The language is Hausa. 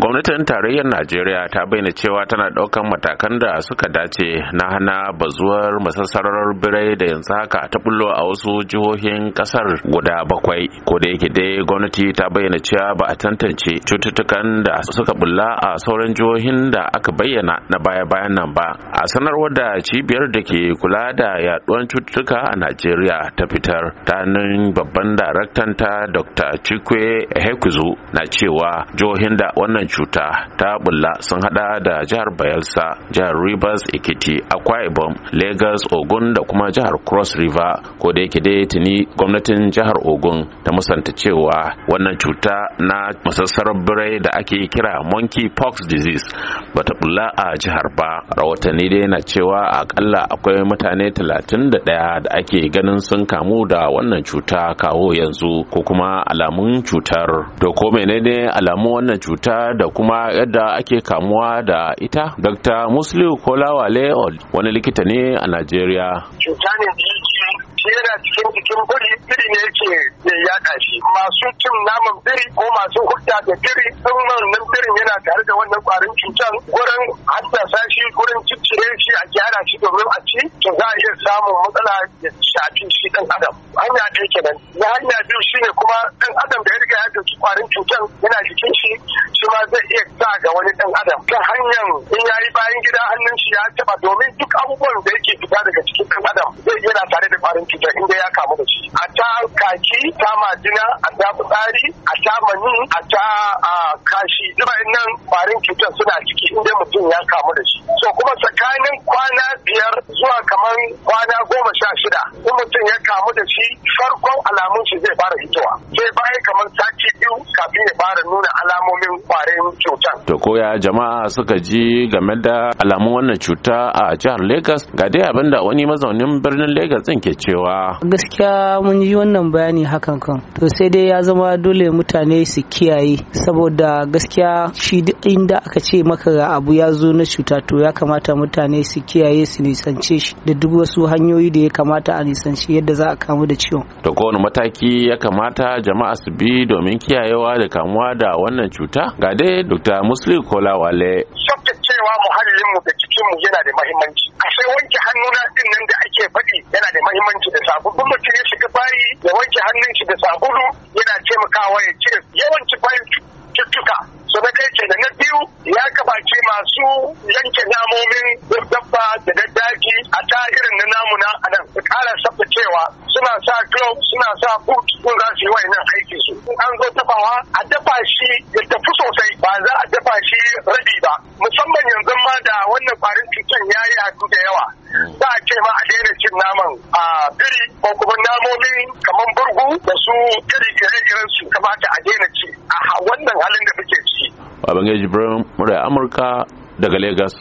gwamnatin tarayyar najeriya ta bayyana cewa tana ɗaukan matakan da suka dace na hana bazuwar masassarar birai da yanzu haka ta bullo a wasu jihohin ƙasar guda bakwai ko da yake dai gwamnati ta bayyana cewa ba a tantance cututtukan da suka bulla a sauran jihohin da aka bayyana na baya bayan nan ba a sanarwar da cibiyar da ke kula da yaɗuwar cututtuka a najeriya ta fitar ta hannun babban daraktanta dr chikwe hekuzu na cewa jihohin da wannan wannan cuta ta bulla sun hada da jihar bayelsa jihar rivers ekiti akwa ibom lagos ogun da kuma jihar cross river ko da yake dai tuni gwamnatin jihar ogun ta musanta cewa wannan cuta na musassar birai da ake kira monkey pox disease bata bulla a jihar ba rahotanni dai na cewa akalla akwai mutane 31 da ake ganin sun kamu da wannan cuta kawo yanzu ko kuma alamun cutar doko ko menene alamun wannan cuta da kuma yadda ake kamuwa da ita dr musliu kolawale wani likita ne a najeriya cuta ne da yana cikin jikin biri biri ne ke ya yaɗa shi masu cin naman biri ko masu hulɗa da biri sun wannan birin yana tare da wannan ƙwarin cutar gurin haddasa shi gurin ciccire shi a gyara shi domin a ci to za a iya samun matsala ya shafi shi ɗan adam hanya ɗaya kenan na hanya biyu shine kuma ɗan adam da kwarin cutar yana jikin shi shi ma zai iya sa ga wani dan adam ta hanyar in yayi bayan gida hannun shi ya taba domin duk abubuwan da yake fita daga cikin dan adam zai iya na tare da kwarin cutar inda ya kamu da shi a ta kaki ta majina a ta fitsari a ta mani a ta kashi zuba nan kwarin cutar suna ciki inda mutum ya kamu da shi so kuma tsakanin kwana biyar zuwa kamar kwana goma sha shida in mutum ya kamu da shi farkon alamun shi zai fara fara nuna alamomin kwarin cutar. To ya jama'a suka ji game da alamun wannan cuta a jihar Lagos ga dai abin da wani mazaunin birnin Lagos din ke cewa. Gaskiya mun ji wannan bayani hakan kan. To sai dai ya zama dole mutane su kiyaye saboda gaskiya shi inda aka ce maka ga abu ya zo na cuta to ya kamata mutane su kiyaye su nisance shi da duk wasu hanyoyi da ya kamata a nisanci yadda za a kamu da ciwon. To kowane mataki ya kamata jama'a su bi domin kiyayewa da kamu kamuwa da wannan cuta ga dai dr muslim kolawale muhallin muhallinmu da cikinmu yana da mahimmanci sai wanke hannuna din nan da ake faɗi yana da mahimmanci da sabulu mutum ya shiga bayi ya wanke hannun shi da sabulu yana taimakawa ya cire yawanci bayan cututtuka su kai ce da na biyu ya kamace masu ya club suna sa boot sun za su yi wayannan aiki su an zo tafawa a dafa shi ya tafi sosai ba za a dafa shi rabi ba musamman yanzu ma da wannan kwarin cutan ya yadu da yawa hmm. za a ce ma a daina cin naman a biri ko kuma namomi kamar burgu da su kiri ire-iren su kamata a daina ci a wannan halin da muke ciki. Babangare Ibrahim, Murai Amurka daga Legas.